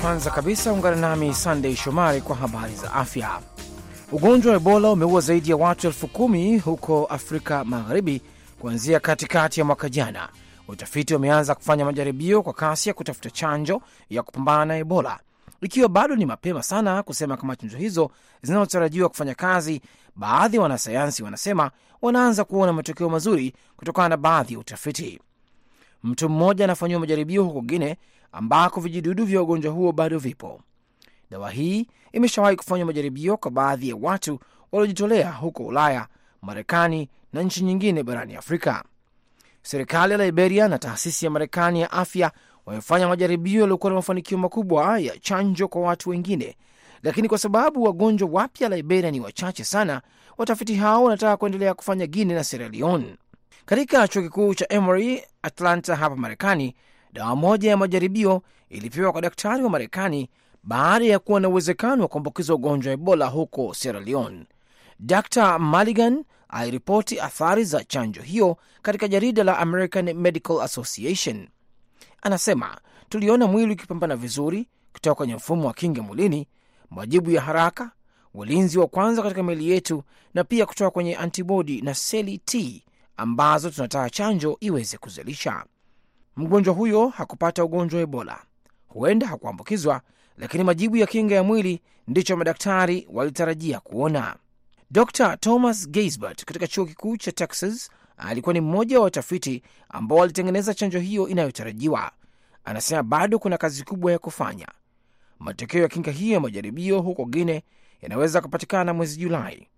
Kwanza kabisa ungana nami Sandey Shomari kwa habari za afya. Ugonjwa wa Ebola umeua zaidi ya watu elfu kumi huko Afrika Magharibi kuanzia katikati ya mwaka jana. Utafiti wameanza kufanya majaribio kwa kasi ya kutafuta chanjo ya kupambana na Ebola, ikiwa bado ni mapema sana kusema kama chanjo hizo zinazotarajiwa kufanya kazi. Baadhi ya wanasayansi wanasema wanaanza kuona matokeo mazuri kutokana na baadhi ya utafiti. Mtu mmoja anafanyiwa majaribio huko Guine ambako vijidudu vya ugonjwa huo bado vipo. Dawa hii imeshawahi kufanywa majaribio kwa baadhi ya watu waliojitolea huko Ulaya, Marekani na nchi nyingine barani Afrika. Serikali ya Liberia na taasisi ya Marekani ya afya wamefanya majaribio yaliyokuwa na mafanikio makubwa ya chanjo kwa watu wengine, lakini kwa sababu wagonjwa wapya Liberia ni wachache sana, watafiti hao wanataka kuendelea kufanya Guine na Sierra Leone. Katika chuo kikuu cha Emory Atlanta hapa Marekani, Dawa moja ya majaribio ilipewa kwa daktari wa Marekani baada ya kuwa na uwezekano wa kuambukiza ugonjwa wa Ebola huko Sierra Leone. Dr Maligan aliripoti athari za chanjo hiyo katika jarida la American Medical Association. Anasema, tuliona mwili ukipambana vizuri kutoka kwenye mfumo wa kinga mwilini, majibu ya haraka, ulinzi wa kwanza katika miili yetu, na pia kutoka kwenye antibodi na seli T ambazo tunataka chanjo iweze kuzalisha mgonjwa huyo hakupata ugonjwa wa Ebola. Huenda hakuambukizwa, lakini majibu ya kinga ya mwili ndicho madaktari walitarajia kuona. Dr Thomas Geisbert katika chuo kikuu cha Texas alikuwa ni mmoja wa watafiti ambao walitengeneza chanjo hiyo inayotarajiwa. Anasema bado kuna kazi kubwa ya kufanya. Matokeo ya kinga hiyo ya majaribio huko Guine yanaweza kupatikana mwezi Julai.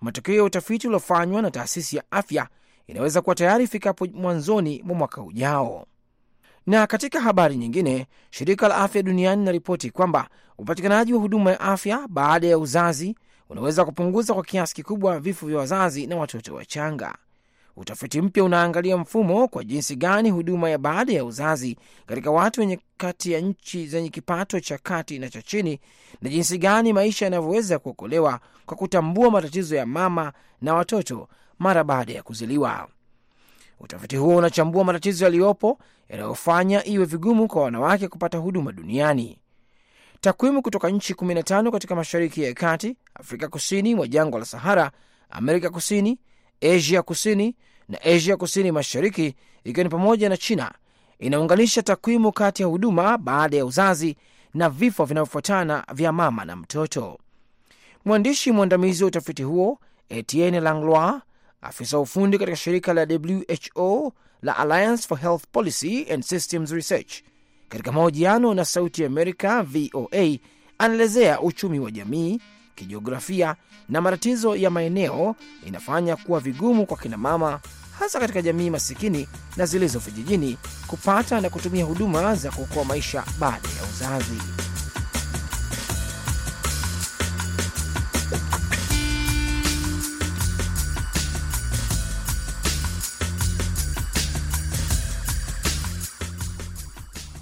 Matokeo ya utafiti uliofanywa na taasisi ya afya inaweza kuwa tayari ifikapo mwanzoni mwa mwaka ujao. Na katika habari nyingine, shirika la afya duniani inaripoti kwamba upatikanaji wa huduma ya afya baada ya uzazi unaweza kupunguza kwa kiasi kikubwa vifo vya wazazi na watoto wachanga. Utafiti mpya unaangalia mfumo kwa jinsi gani huduma ya baada ya uzazi katika watu wenye kati ya nchi zenye kipato cha kati na cha chini na jinsi gani maisha yanavyoweza kuokolewa kwa kutambua matatizo ya mama na watoto mara baada ya kuziliwa Utafiti huo unachambua matatizo yaliyopo yanayofanya iwe vigumu kwa wanawake kupata huduma duniani. Takwimu kutoka nchi 15 katika Mashariki ya Kati, Afrika Kusini mwa jangwa la Sahara, Amerika Kusini, Asia Kusini na Asia Kusini Mashariki, ikiwa ni pamoja na China, inaunganisha takwimu kati ya huduma baada ya uzazi na vifo vinavyofuatana vya mama na mtoto. Mwandishi mwandamizi wa utafiti huo Etienne Langlois Afisa ufundi katika shirika la WHO la Alliance for Health Policy and Systems Research katika mahojiano na Sauti ya Amerika VOA anaelezea uchumi wa jamii, kijiografia na matatizo ya maeneo inafanya kuwa vigumu kwa kinamama hasa katika jamii masikini na zilizo vijijini kupata na kutumia huduma za kuokoa maisha baada ya uzazi.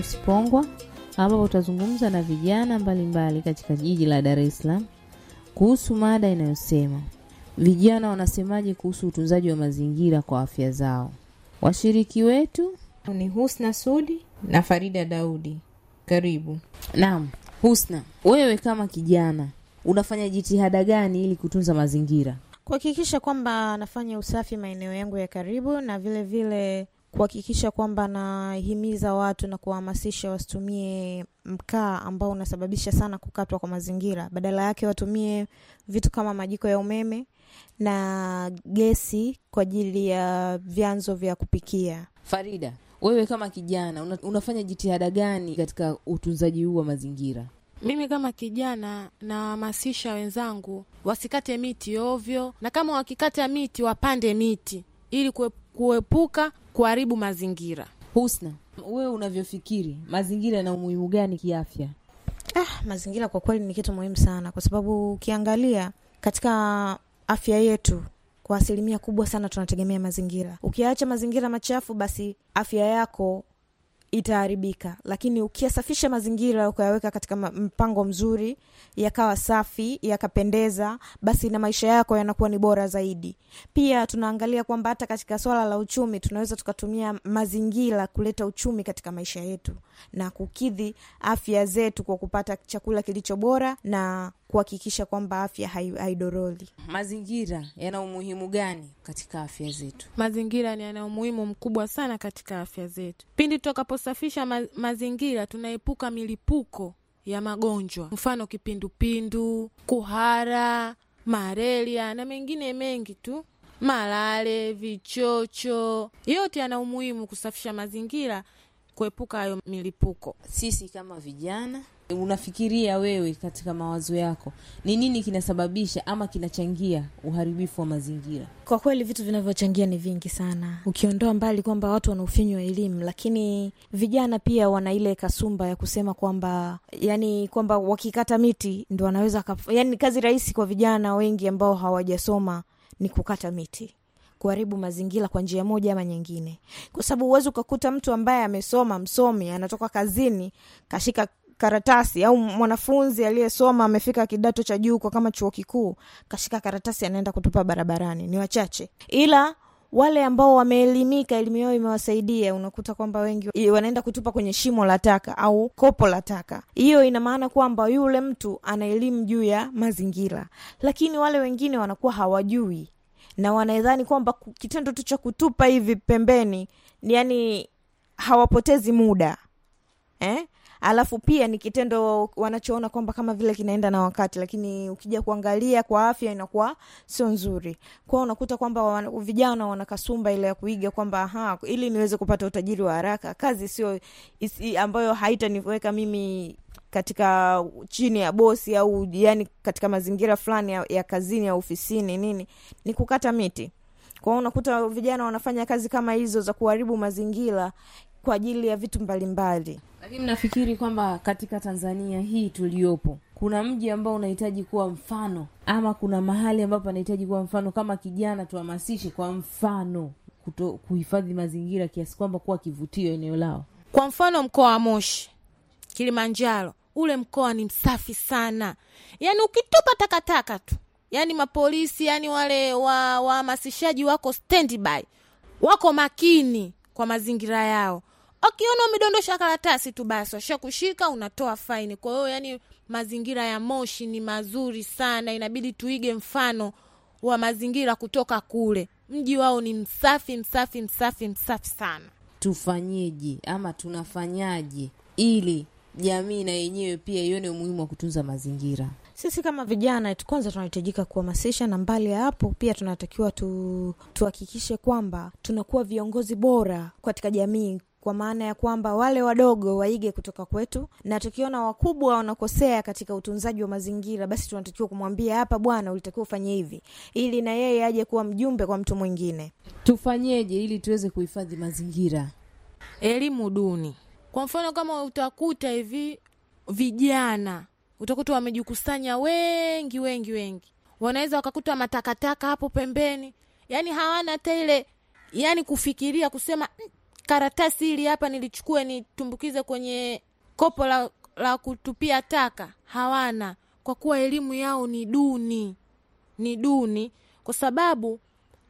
James Pongwa ambapo tutazungumza na vijana mbalimbali katika jiji la Dar es Salaam kuhusu mada inayosema vijana wanasemaje kuhusu utunzaji wa mazingira kwa afya zao. Washiriki wetu ni Husna Sudi na Farida Daudi. Karibu. Naam, Husna, wewe kama kijana unafanya jitihada gani ili kutunza mazingira? Kuhakikisha kwamba nafanya usafi maeneo yangu ya karibu na vile vile kuhakikisha kwamba nahimiza watu na kuwahamasisha wasitumie mkaa ambao unasababisha sana kukatwa kwa mazingira. Badala yake watumie vitu kama majiko ya umeme na gesi kwa ajili ya vyanzo vya kupikia. Farida, wewe kama kijana una, unafanya jitihada gani katika utunzaji huu wa mazingira? Mimi kama kijana nawahamasisha wenzangu wasikate miti ovyo, na kama wakikata miti wapande miti ili kuepuka kuharibu mazingira. Husna, wewe unavyofikiri mazingira yana umuhimu gani kiafya? Ah, mazingira kwa kweli ni kitu muhimu sana, kwa sababu ukiangalia katika afya yetu kwa asilimia kubwa sana tunategemea mazingira. Ukiacha mazingira machafu, basi afya yako itaharibika, lakini ukiyasafisha mazingira, ukayaweka katika mpango mzuri, yakawa safi, yakapendeza, basi na maisha yako yanakuwa ni bora zaidi. Pia tunaangalia kwamba hata katika swala la uchumi tunaweza tukatumia mazingira kuleta uchumi katika maisha yetu na kukidhi afya zetu kwa kupata chakula kilicho bora na kuhakikisha kwamba afya haidoroli. Mazingira yana umuhimu gani katika afya zetu? Mazingira yana umuhimu mkubwa sana katika afya zetu. Pindi tutakaposafisha ma mazingira, tunaepuka milipuko ya magonjwa, mfano kipindupindu, kuhara, marelia na mengine mengi tu malale, vichocho. Yote yana umuhimu kusafisha mazingira kuepuka hayo milipuko. Sisi kama vijana, unafikiria wewe katika mawazo yako ni nini kinasababisha ama kinachangia uharibifu wa mazingira? Kwa kweli vitu vinavyochangia ni vingi sana, ukiondoa mbali kwamba watu wanaofinywa wa elimu, lakini vijana pia wana ile kasumba ya kusema kwamba yani kwamba wakikata miti ndo wanaweza kaf... yani kazi rahisi kwa vijana wengi ambao hawajasoma ni kukata miti kuharibu mazingira kwa njia moja ama nyingine, kwa sababu huwezi ukakuta mtu ambaye amesoma, msomi, anatoka kazini kashika karatasi au mwanafunzi aliyesoma amefika kidato cha juu kwa kama chuo kikuu kashika karatasi anaenda kutupa barabarani, ni wachache. Ila wale ambao wameelimika, elimu yao imewasaidia, unakuta kwamba wengi wanaenda kutupa kwenye shimo la taka au kopo la taka. Hiyo ina maana kwamba yule mtu ana elimu juu ya mazingira, lakini wale wengine wanakuwa hawajui na wanadhani kwamba kitendo tu cha kutupa hivi pembeni yani hawapotezi muda eh? alafu pia ni kitendo wanachoona kwamba kama vile kinaenda na wakati lakini ukija kuangalia kwa afya inakuwa sio nzuri kwao unakuta kwamba vijana wanakasumba ile ya kuiga kwamba ili niweze kupata utajiri wa haraka kazi sio ambayo haitaniweka mimi katika chini ya bosi au ya yani katika mazingira fulani ya, ya kazini ya ofisini nini ni kukata miti kwao unakuta vijana wanafanya kazi kama hizo za kuharibu mazingira kwa ajili ya vitu mbalimbali lakini nafikiri kwamba katika tanzania hii tuliyopo kuna mji ambao unahitaji kuwa mfano ama kuna mahali ambapo anahitaji kuwa mfano kama kijana tuhamasishe kwa mfano kuto, kuhifadhi mazingira kiasi kwamba kuwa kivutio eneo lao kwa mfano mkoa wa moshi kilimanjaro ule mkoa ni msafi sana, yani ukitupa takataka tu, yani mapolisi, yani wale wahamasishaji wa wako standby, wako makini kwa mazingira yao. Akiona umedondosha karatasi tu, basi washakushika, unatoa faini. Kwa hiyo yani mazingira ya Moshi ni mazuri sana, inabidi tuige mfano wa mazingira kutoka kule. Mji wao ni msafi msafi msafi msafi sana. Tufanyeje ama tunafanyaje ili jamii na yenyewe pia ione umuhimu wa kutunza mazingira. Sisi kama vijana kwanza tunahitajika kuhamasisha, na mbali ya hapo pia tunatakiwa tu, tuhakikishe kwamba tunakuwa viongozi bora katika jamii kwa maana ya kwamba wale wadogo waige kutoka kwetu, na tukiona wakubwa wanakosea katika utunzaji wa mazingira, basi tunatakiwa kumwambia hapa, bwana, ulitakiwa ufanye hivi, ili na yeye aje kuwa mjumbe kwa mtu mwingine. Tufanyeje ili tuweze kuhifadhi mazingira? Elimu duni kwa mfano kama utakuta hivi vijana utakuta wamejikusanya wengi wengi wengi, wanaweza wakakuta matakataka hapo pembeni, yani hawana hata ile yani kufikiria kusema mm, karatasi hili hapa nilichukue nitumbukize kwenye kopo la, la kutupia taka. Hawana, kwa kuwa elimu yao ni duni, ni duni, kwa sababu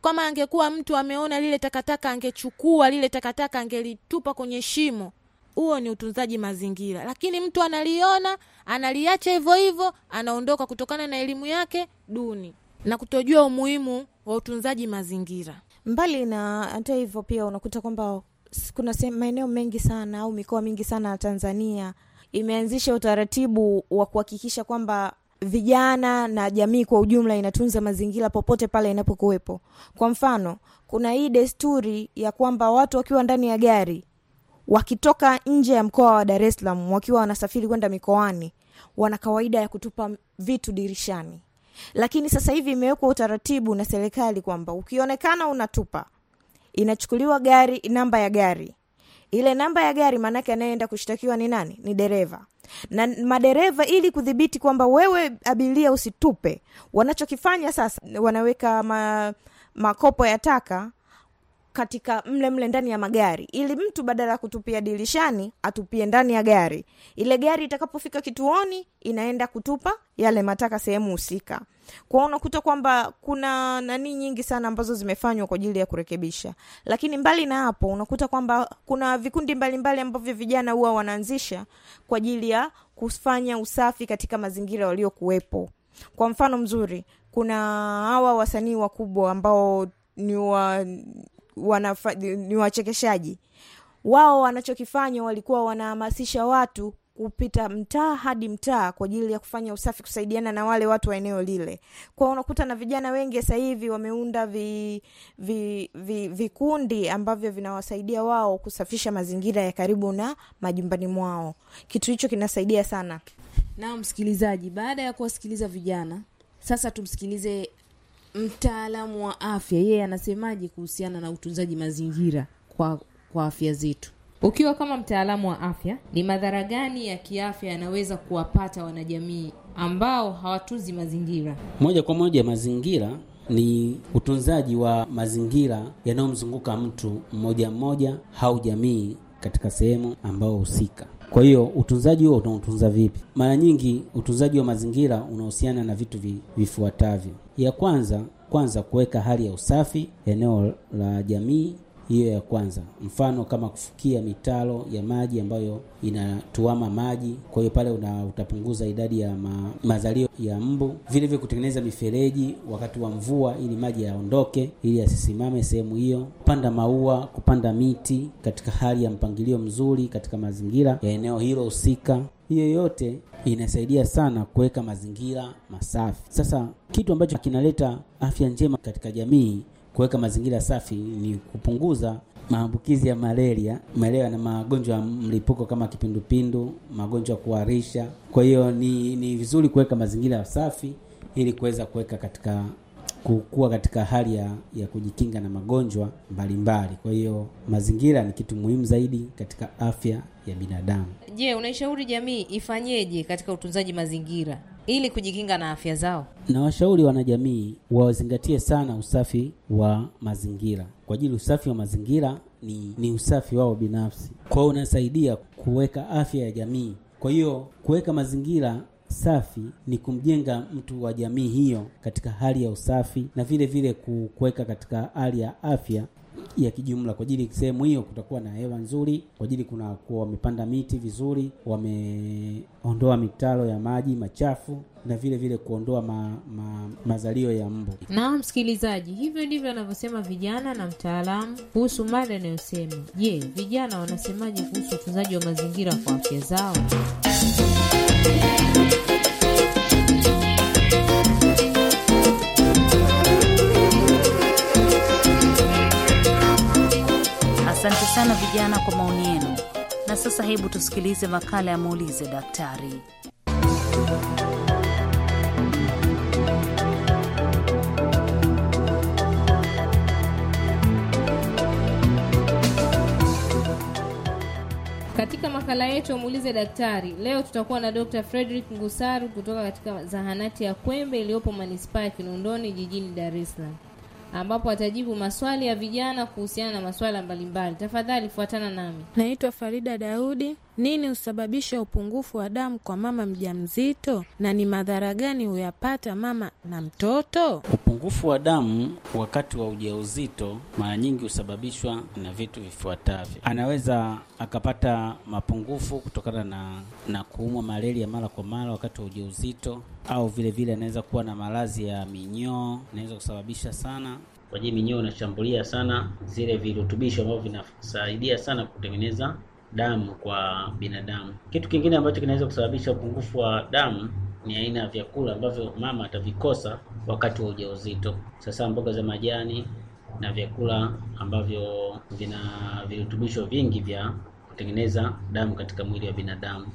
kama angekuwa mtu ameona lile takataka angechukua lile takataka angelitupa kwenye shimo huo ni utunzaji mazingira, lakini mtu analiona analiacha hivyo hivyo, anaondoka kutokana na elimu yake duni na kutojua umuhimu wa utunzaji mazingira. Mbali na hata hivyo, pia unakuta kwamba kuna maeneo mengi sana au mikoa mingi sana ya Tanzania imeanzisha utaratibu wa kuhakikisha kwamba vijana na jamii kwa ujumla inatunza mazingira popote pale inapokuwepo. Kwa mfano, kuna hii desturi ya kwamba watu wakiwa ndani ya gari wakitoka nje ya mkoa wa Dar es Salaam wakiwa wanasafiri kwenda mikoani, wana kawaida ya kutupa vitu dirishani, lakini sasa hivi imewekwa utaratibu na serikali kwamba ukionekana unatupa, inachukuliwa gari, namba ya gari ile namba ya gari, maanake anayeenda kushtakiwa ni nani? Ni dereva. Na madereva, ili kudhibiti kwamba wewe abiria usitupe, wanachokifanya sasa, wanaweka ma, makopo ya taka katika mle mle ndani ya magari, ili mtu badala ya kutupia dirishani atupie ndani ya gari. Ile gari itakapofika kituoni, inaenda kutupa yale mataka sehemu husika. kwao unakuta kwamba kuna nani nyingi sana ambazo zimefanywa kwa ajili ya kurekebisha, lakini mbali na hapo, unakuta kwamba kuna vikundi mbalimbali ambavyo vijana huwa wanaanzisha kwa ajili ya kufanya usafi katika mazingira waliokuwepo. Kwa mfano mzuri, kuna hawa wasanii wakubwa ambao ni wa wanafa, ni wachekeshaji wao. Wanachokifanya walikuwa wanahamasisha watu kupita mtaa hadi mtaa kwa ajili ya kufanya usafi, kusaidiana na wale watu wa eneo lile. Kwa unakuta na vijana wengi sasa hivi wameunda vi, vi, vi, vikundi ambavyo vinawasaidia wao kusafisha mazingira ya karibu na majumbani mwao. Kitu hicho kinasaidia sana. Na msikilizaji, baada ya kuwasikiliza vijana, sasa tumsikilize mtaalamu wa afya yeye anasemaje kuhusiana na utunzaji mazingira kwa kwa afya zetu? Ukiwa kama mtaalamu wa afya, ni madhara gani ya kiafya yanaweza kuwapata wanajamii ambao hawatunzi mazingira? Moja kwa moja, mazingira ni utunzaji wa mazingira yanayomzunguka mtu mmoja mmoja au jamii katika sehemu ambao husika. Kwa hiyo utunzaji huo unautunza vipi? Mara nyingi utunzaji wa mazingira unahusiana na vitu vifuatavyo. Ya kwanza kwanza kuweka hali ya usafi eneo la jamii hiyo ya kwanza. Mfano kama kufukia mitaro ya maji ambayo inatuama maji, kwa hiyo pale una, utapunguza idadi ya ma, mazalio ya mbu. Vile vile kutengeneza mifereji wakati wa mvua ili maji yaondoke, ili yasisimame sehemu hiyo. Kupanda maua, kupanda miti katika hali ya mpangilio mzuri katika mazingira ya eneo hilo husika. Hiyo yote inasaidia sana kuweka mazingira masafi. Sasa kitu ambacho kinaleta afya njema katika jamii kuweka mazingira safi ni kupunguza maambukizi ya malaria, malaria na magonjwa ya mlipuko kama kipindupindu, magonjwa ya kuharisha. Kwa hiyo ni, ni vizuri kuweka mazingira safi ili kuweza kuweka katika kukua katika hali ya, ya kujikinga na magonjwa mbalimbali. Kwa hiyo mazingira ni kitu muhimu zaidi katika afya ya binadamu. Je, unaishauri jamii ifanyeje katika utunzaji mazingira? ili kujikinga na afya zao. Na washauri wanajamii wawazingatie sana usafi wa mazingira, kwa ajili usafi wa mazingira ni, ni usafi wao binafsi, kwa hiyo unasaidia kuweka afya ya jamii. Kwa hiyo kuweka mazingira safi ni kumjenga mtu wa jamii hiyo katika hali ya usafi na vile vile kuweka katika hali ya afya ya kijumla kwa ajili sehemu hiyo kutakuwa na hewa nzuri, kwa ajili kuna kuwa wamepanda miti vizuri, wameondoa mitaro ya maji machafu na vile vile kuondoa ma, ma, mazalio ya mbu. Na msikilizaji, hivyo ndivyo anavyosema vijana na mtaalamu kuhusu mada inayosema je, vijana wanasemaje kuhusu utunzaji wa mazingira kwa afya zao? Asante sana vijana kwa maoni yenu. Na sasa hebu tusikilize makala ya muulize daktari. Katika makala yetu muulize daktari leo tutakuwa na Dr. Frederick Ngusaru kutoka katika zahanati ya Kwembe iliyopo manispaa ya Kinondoni jijini Dar es Salaam ambapo atajibu maswali ya vijana kuhusiana na masuala mbalimbali. Tafadhali fuatana nami, naitwa Farida Daudi. Nini husababisha upungufu wa damu kwa mama mjamzito na ni madhara gani huyapata mama na mtoto? Upungufu wa damu wakati wa ujauzito mara nyingi husababishwa na vitu vifuatavyo. Anaweza akapata mapungufu kutokana na, na kuumwa malaria mara kwa mara wakati wa ujauzito, au vile vile anaweza kuwa na maradhi ya minyoo, inaweza kusababisha sana kwa jii minyoo inashambulia sana zile virutubisho ambavyo vinasaidia sana kutengeneza damu kwa binadamu. Kitu kingine ambacho kinaweza kusababisha upungufu wa damu ni aina ya vyakula ambavyo mama atavikosa wakati wa ujauzito. Sasa mboga za majani na vyakula ambavyo vina virutubisho vingi vya kutengeneza damu katika mwili wa binadamu.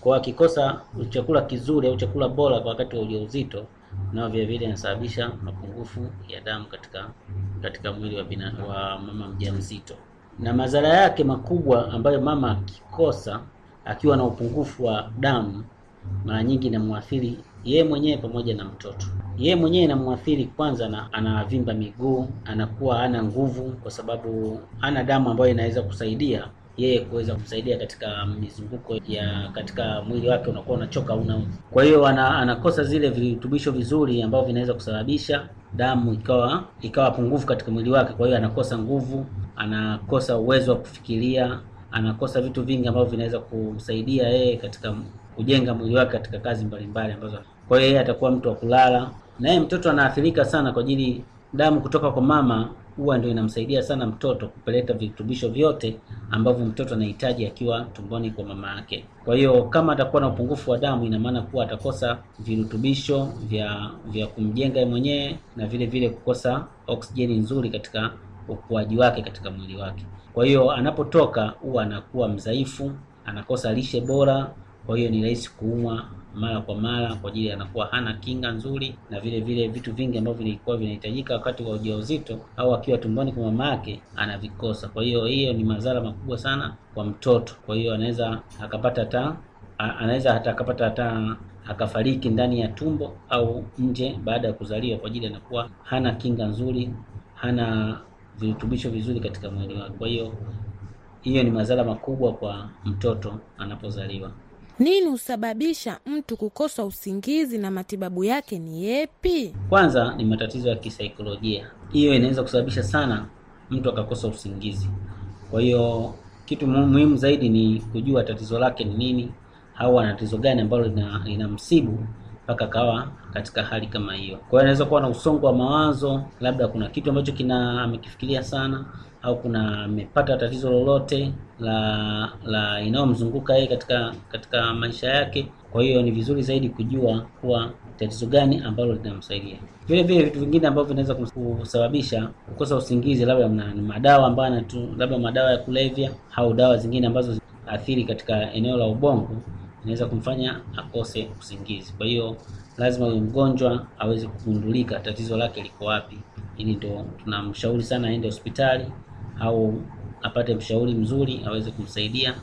Kwa akikosa chakula kizuri au chakula bora kwa wakati wa ujauzito, nao vile vile inasababisha mapungufu ya damu katika katika mwili wa, bina, wa mama mjamzito na madhara yake makubwa ambayo mama akikosa akiwa na upungufu wa damu mara nyingi inamwathiri yeye mwenyewe pamoja na mtoto. Yeye mwenyewe inamwathiri kwanza, na anavimba miguu, anakuwa hana nguvu, kwa sababu hana damu ambayo inaweza kusaidia yeye kuweza kusaidia katika mizunguko ya katika mwili wake, unakuwa unachoka una. Kwa hiyo ana, anakosa zile virutubisho vizuri ambavyo vinaweza kusababisha damu ikawa ikawa pungufu katika mwili wake, kwa hiyo anakosa nguvu, anakosa uwezo wa kufikiria, anakosa vitu vingi ambavyo vinaweza kumsaidia yeye katika kujenga mwili wake katika kazi mbalimbali ambazo, kwa hiyo yeye atakuwa mtu wa kulala. Na yeye mtoto anaathirika sana kwa ajili damu kutoka kwa mama huwa ndio inamsaidia sana mtoto kupeleka virutubisho vyote ambavyo mtoto anahitaji akiwa tumboni kwa mama yake. Kwa hiyo kama atakuwa na upungufu wa damu, ina maana kuwa atakosa virutubisho vya vya kumjenga mwenyewe na vile vile kukosa oksijeni nzuri katika ukuaji wake katika mwili wake. Kwa hiyo anapotoka huwa anakuwa mdhaifu, anakosa lishe bora, kwa hiyo ni rahisi kuumwa mara kwa mara kwa ajili anakuwa hana kinga nzuri, na vile vile vitu vingi ambavyo vilikuwa vinahitajika wakati wa ujauzito au akiwa tumboni kwa mama yake anavikosa. Kwa hiyo hiyo ni madhara makubwa sana kwa mtoto. Kwa hiyo anaweza akapata hata anaweza hata akapata hata akafariki ndani ya tumbo au nje baada ya kuzaliwa, kwa ajili anakuwa hana kinga nzuri, hana virutubisho vizuri katika mwili wake. Kwa hiyo hiyo ni madhara makubwa kwa mtoto anapozaliwa. Nini husababisha mtu kukosa usingizi na matibabu yake ni yepi? Kwanza ni matatizo ya kisaikolojia, hiyo inaweza kusababisha sana mtu akakosa usingizi. Kwa hiyo kitu muhimu zaidi ni kujua tatizo lake ni nini, au ana tatizo gani ambalo linamsibu lina mpaka akawa katika hali kama hiyo. Kwa hiyo anaweza kuwa na usongo wa mawazo, labda kuna kitu ambacho kina amekifikiria sana au kuna amepata tatizo lolote la la inayomzunguka yeye katika katika maisha yake. Kwa hiyo ni vizuri zaidi kujua kuwa tatizo gani ambalo linamsaidia. Vile vile vitu vingine ambavyo vinaweza kusababisha kukosa usingizi, labda mna madawa ambayo labda madawa ya kulevya au dawa zingine ambazo athiri katika eneo la ubongo inaweza kumfanya akose usingizi. Kwa hiyo lazima huyu mgonjwa aweze kugundulika tatizo lake liko wapi, ili ndo tunamshauri sana aende hospitali au apate mshauri mzuri aweze kumsaidia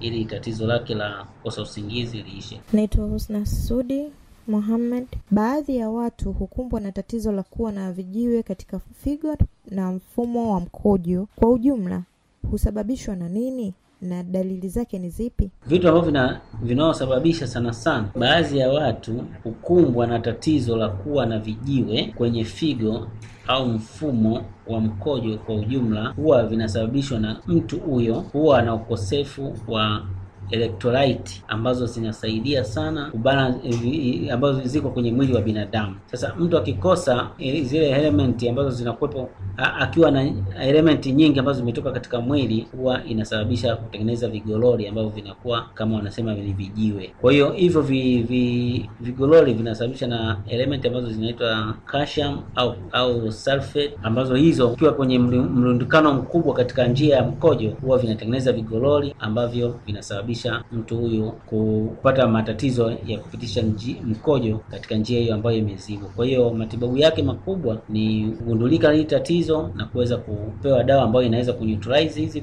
ili tatizo lake la kukosa usingizi liishe. Naitwa Husna Sudi Mohamed. Baadhi ya watu hukumbwa na tatizo la kuwa na vijiwe katika figo na mfumo wa mkojo kwa ujumla husababishwa na nini? na dalili zake ni zipi? Vitu ambavyo vinaosababisha sana sana baadhi ya watu hukumbwa na tatizo la kuwa na vijiwe kwenye figo au mfumo wa mkojo kwa ujumla, huwa vinasababishwa na mtu huyo huwa na ukosefu wa electrolyte ambazo zinasaidia sana kubalance, eh, ambazo ziko kwenye mwili wa binadamu. Sasa mtu akikosa eh, zile element ambazo zinakuwepo, akiwa na element nyingi ambazo zimetoka katika mwili, huwa inasababisha kutengeneza vigololi ambavyo vinakuwa kama wanasema ni vijiwe. Kwa hiyo hivyo vi, vi, vigololi vinasababisha na element ambazo zinaitwa calcium au au sulfate, ambazo hizo ukiwa kwenye mrundikano mkubwa katika njia ya mkojo, huwa vinatengeneza vigololi ambavyo vinasababisha kumsababisha mtu huyu kupata matatizo ya kupitisha nji, mkojo katika njia hiyo ambayo imezibwa. Kwa hiyo matibabu yake makubwa ni kugundulika hili tatizo na kuweza kupewa dawa ambayo inaweza kuneutralize hizi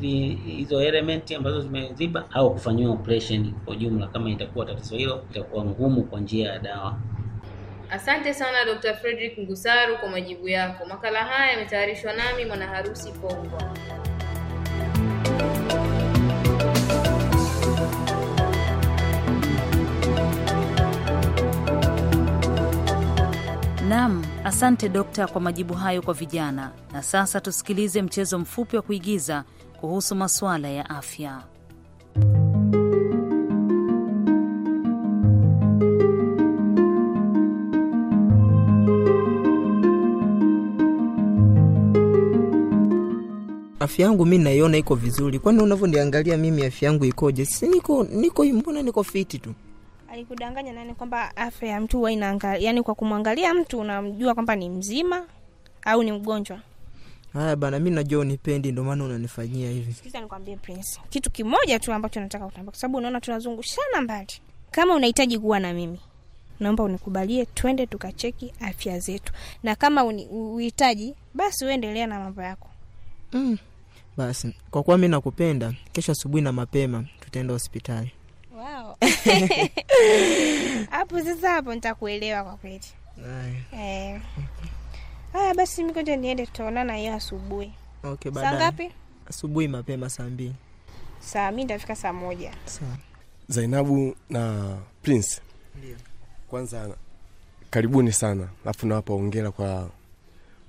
hizo element ambazo zimeziba au kufanyiwa operation kwa jumla. Kama itakuwa tatizo hilo itakuwa ngumu kwa njia ya dawa. Asante sana Dr. Frederick Ngusaru kwa majibu yako. Makala haya yametayarishwa nami mwanaharusi Pongwa. Nam, asante dokta kwa majibu hayo kwa vijana. Na sasa tusikilize mchezo mfupi wa kuigiza kuhusu masuala ya afya. Afya yangu mi naiona iko vizuri, kwani unavyoniangalia mimi afya yangu ikoje? Si niko niko, mbona niko fiti tu haikudanganya nani kwamba afya ya mtu huwa inaangalia, yani kwa kumwangalia mtu unamjua kwamba ni mzima au ni mgonjwa. Haya bana, mi najua unipendi, ndio maana unanifanyia hivi. Sikiza nikwambie Prince, kitu kimoja tu ambacho nataka kutamba, kwa sababu unaona tunazungushana mbali. Kama unahitaji kuwa na mimi, naomba unikubalie, twende tukacheki afya zetu, na kama uhitaji, basi uendelea na mambo yako mm. Basi kwa kuwa mi nakupenda, kesho asubuhi na mapema tutaenda hospitali. hapo sasa, hapo nitakuelewa kwa kweli. Eh. Haya basi, mimi ngoja niende, tutaonana hiyo asubuhi. Okay, Saa ngapi? Asubuhi mapema saa mbili. Saa mi ntafika saa moja. Sawa. Zainabu na Prince. Ndio. Kwanza karibuni sana, alafu nawapa ongera kwa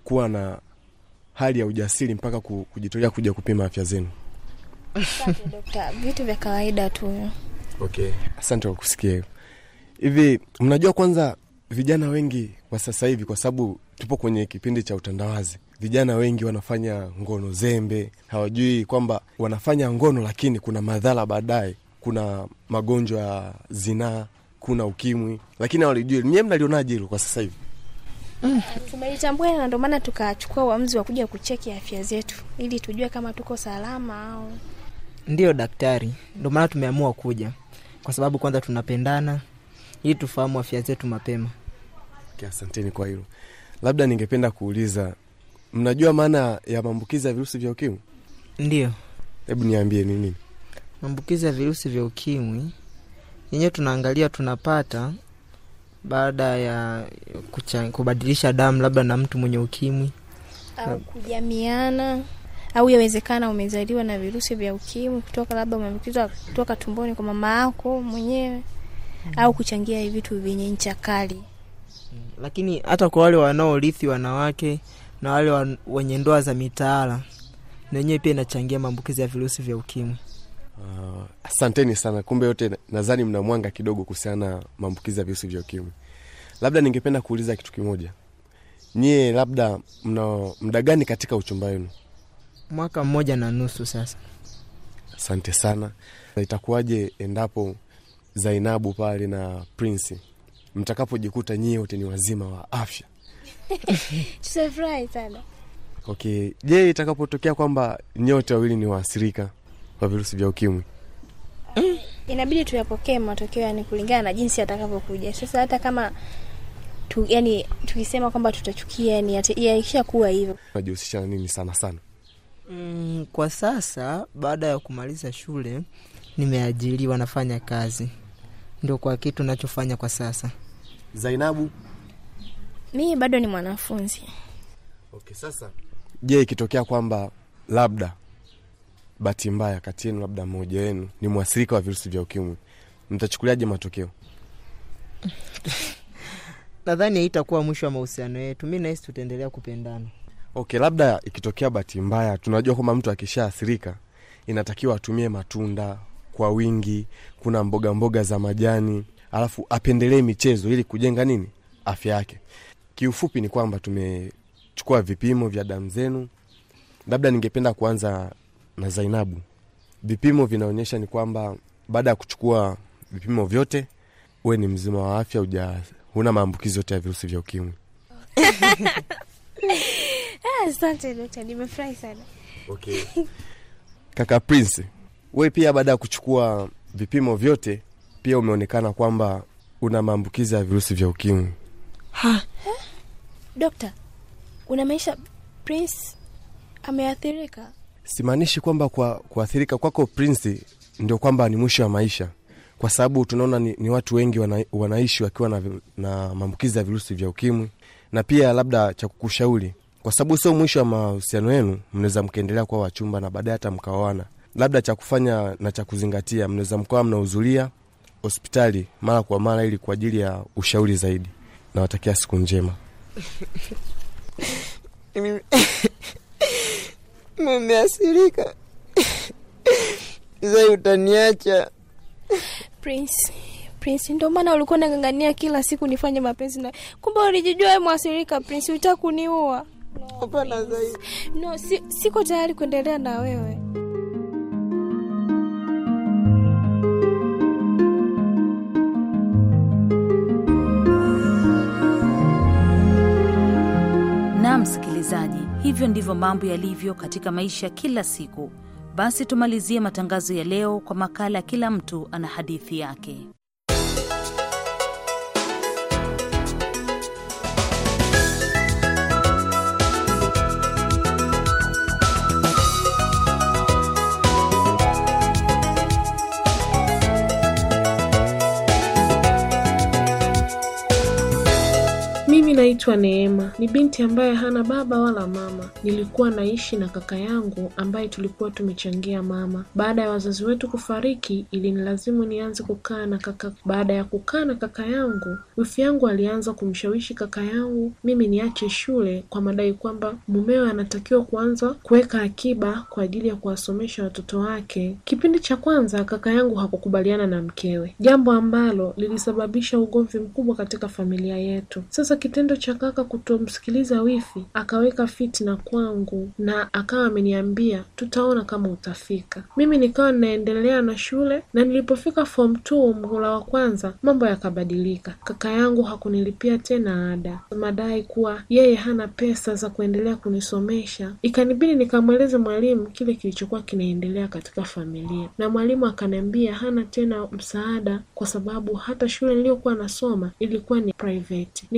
kuwa na hali ya ujasiri mpaka kujitolea kuja kupima afya zenu. vitu vya kawaida tu. Okay. Asante kwa kusikia. Hivi mnajua kwanza vijana wengi kwa sasa hivi kwa sababu tupo kwenye kipindi cha utandawazi, vijana wengi wanafanya ngono zembe, hawajui kwamba wanafanya ngono, lakini kuna madhara baadaye. Kuna magonjwa ya zinaa, kuna ukimwi, lakini hawalijui. Nyie mnalionaje hilo kwa sasa hivi? Mm. tumejitambua na ndio maana tukachukua uamuzi wa kuja kucheki afya zetu ili tujue kama tuko salama au ndio daktari, ndio maana tumeamua kuja kwa sababu kwanza tunapendana ili tufahamu afya zetu mapema. asanteni kwa hilo. Labda ningependa kuuliza, mnajua maana ya maambukizi ya virusi vya ukimwi? ndio Hebu niambie ni nini maambukizi ya virusi vya ukimwi? Yenyewe tunaangalia tunapata baada ya kucha, kubadilisha damu labda na mtu mwenye ukimwi au kujamiana au yawezekana umezaliwa na virusi vya ukimwi kutoka labda umeambukizwa kutoka tumboni kwa mama yako mwenyewe mm. au kuchangia vitu vyenye ncha kali Lakini hata kwa wale wanaorithi wanawake na wale wenye ndoa za mitaala na pia inachangia maambukizi ya virusi vya ukimwi. Uh, asanteni sana. Kumbe yote nadhani mna mwanga kidogo kuhusiana na maambukizi ya virusi vya ukimwi. Labda ningependa kuuliza kitu kimoja, nyie labda mna mda gani katika uchumba wenu? mwaka mmoja na nusu sasa. Asante sana. Itakuwaje endapo Zainabu pale na Prince mtakapojikuta nyie wote ni wazima wa afya? tutafurahi sana. Okay, je, itakapotokea kwamba nyote wawili ni waathirika wa virusi vya ukimwi? Mm. Inabidi tuyapokee matokeo, yani kulingana na jinsi atakavyokuja. Sasa hata kama tu, yani tukisema kwamba tutachukia, yani yaikisha kuwa hivyo, najihusisha na nini sana sana Mm, kwa sasa baada ya kumaliza shule nimeajiriwa, nafanya kazi, ndio kwa kitu nachofanya kwa sasa. Zainabu, mimi bado ni mwanafunzi. Okay, sasa je, ikitokea kwamba labda bahati mbaya kati yenu labda mmoja wenu ni mwasirika wa virusi vya ukimwi, mtachukuliaje matokeo? Nadhani haitakuwa mwisho wa mahusiano yetu. Mi nahisi tutaendelea kupendana. Okay, labda ikitokea bahati mbaya, tunajua kwamba mtu akishaathirika inatakiwa atumie matunda kwa wingi, kuna mboga mboga za majani, alafu apendelee michezo ili kujenga nini afya yake. Kiufupi ni kwamba tumechukua vipimo vya damu zenu. Labda ningependa kuanza na Zainabu. Vipimo vinaonyesha ni kwamba baada ya kuchukua vipimo vyote, uwe ni mzima wa afya, huna maambukizi yote ya virusi vya ukimwi Ah, asante dokta, nimefurahi sana. Okay. Kaka Prince, we pia baada ya kuchukua vipimo vyote pia umeonekana kwamba una maambukizi ya virusi vya ukimwi. Dokta, unamaanisha Prince ameathirika? Simaanishi kwamba kwa kuathirika kwako Prince ndio kwamba ni mwisho wa maisha, kwa sababu tunaona ni, ni watu wengi wana, wanaishi wakiwa na, na maambukizi ya virusi vya ukimwi, na pia labda cha kukushauri kwa sababu sio mwisho wa mahusiano yenu, mnaweza mkaendelea kuwa wachumba na baadaye hata mkaoana. Labda cha kufanya na cha kuzingatia, mnaweza mkawa mnahuzulia hospitali mara kwa mara ili kwa ajili ya ushauri zaidi. Nawatakia siku njema. Mmeasirika za utaniacha Prince? ndio maana ulikuwa nang'ang'ania kila siku nifanye mapenzi na kumbe ulijijua mwasirika. Prince, utakuniua Hapana zaidi. No, si, siko tayari kuendelea na wewe. msikilizaji, hivyo ndivyo mambo yalivyo katika maisha kila siku. Basi tumalizie matangazo ya leo kwa makala Kila mtu ana hadithi yake. Mimi naitwa Neema, ni binti ambaye hana baba wala mama. Nilikuwa naishi na kaka yangu ambaye tulikuwa tumechangia mama. Baada ya wazazi wetu kufariki, ilinilazimu nianze kukaa na kaka. Baada ya kukaa na kaka yangu, wifi yangu alianza kumshawishi kaka yangu mimi niache shule kwa madai kwamba mumewe anatakiwa kuanza kuweka akiba kwa ajili ya kuwasomesha watoto wake. Kipindi cha kwanza kaka yangu hakukubaliana na mkewe, jambo ambalo lilisababisha ugomvi mkubwa katika familia yetu. Sasa kita Kitendo cha kaka kutomsikiliza wifi akaweka fitna kwangu na akawa ameniambia tutaona kama utafika. Mimi nikawa ninaendelea na shule na nilipofika form 2 mhula wa kwanza mambo yakabadilika. Kaka yangu hakunilipia tena ada, madai kuwa yeye hana pesa za kuendelea kunisomesha. Ikanibidi nikamweleze mwalimu kile kilichokuwa kinaendelea katika familia, na mwalimu akaniambia hana tena msaada kwa sababu hata shule niliyokuwa nasoma ilikuwa ni private.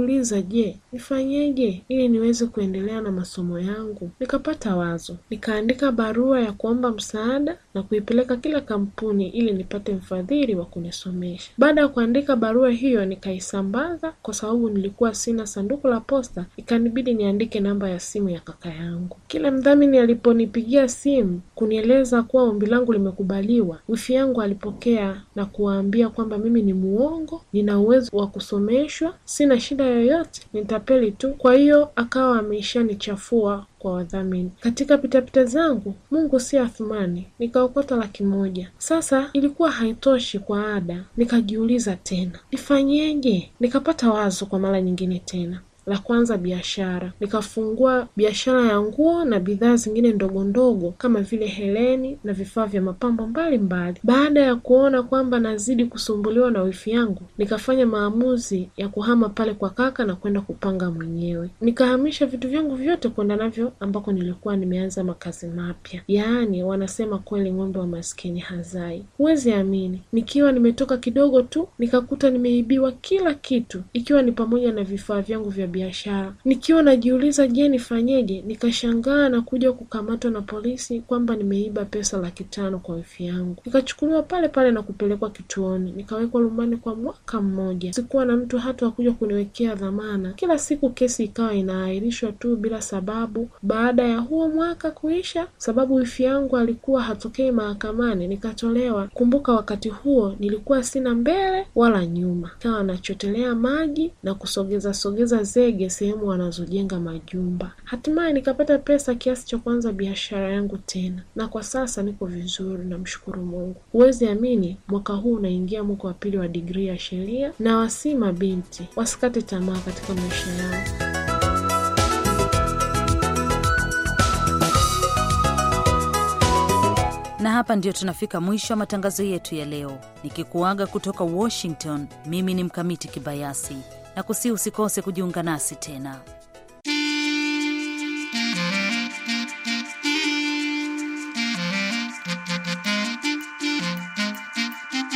Nilijiuliza je nifanyeje ili niweze kuendelea na masomo yangu nikapata wazo nikaandika barua ya kuomba msaada na kuipeleka kila kampuni ili nipate mfadhili wa kunisomesha baada ya kuandika barua hiyo nikaisambaza kwa sababu nilikuwa sina sanduku la posta ikanibidi niandike namba ya simu ya kaka yangu kila mdhamini aliponipigia simu kunieleza kuwa ombi langu limekubaliwa wifi yangu alipokea na kuwaambia kwamba mimi ni muongo nina uwezo wa kusomeshwa sina shida yoyote nitapeli tu kwa hiyo akawa ameshanichafua kwa wadhamini. Katika pitapita zangu Mungu si Athumani, nikaokota laki moja. Sasa ilikuwa haitoshi kwa ada, nikajiuliza tena nifanyeje? Nikapata wazo kwa mara nyingine tena, la kwanza biashara. Nikafungua biashara ya nguo na bidhaa zingine ndogo ndogo kama vile heleni na vifaa vya mapambo mbalimbali. Baada ya kuona kwamba nazidi kusumbuliwa na wifi yangu, nikafanya maamuzi ya kuhama pale kwa kaka na kwenda kupanga mwenyewe. Nikahamisha vitu vyangu vyote kwenda navyo ambako nilikuwa nimeanza makazi mapya. Yaani wanasema kweli ng'ombe wa maskini hazai. Huwezi amini, nikiwa nimetoka kidogo tu nikakuta nimeibiwa kila kitu, ikiwa ni pamoja na vifaa vyangu vya biashara Nikiwa najiuliza je nifanyeje nikashangaa na kuja kukamatwa na polisi kwamba nimeiba pesa laki tano kwa wifi yangu nikachukuliwa pale pale na kupelekwa kituoni nikawekwa rumani kwa mwaka mmoja sikuwa na mtu hata wakuja kuniwekea dhamana kila siku kesi ikawa inaahirishwa tu bila sababu baada ya huo mwaka kuisha sababu wifi yangu alikuwa hatokei mahakamani nikatolewa kumbuka wakati huo nilikuwa sina mbele wala nyuma ikawa nachotelea maji na kusogeza sogeza zee ndege sehemu wanazojenga majumba. Hatimaye nikapata pesa kiasi cha kuanza biashara yangu tena, na kwa sasa niko vizuri, namshukuru Mungu. Huwezi amini, mwaka huu unaingia mwaka wa pili wa digrii ya sheria, na wasii mabinti wasikate tamaa katika maisha yao. Na hapa ndio tunafika mwisho wa matangazo yetu ya leo, nikikuaga kutoka Washington. Mimi ni Mkamiti Kibayasi na kusii usikose kujiunga nasi tena.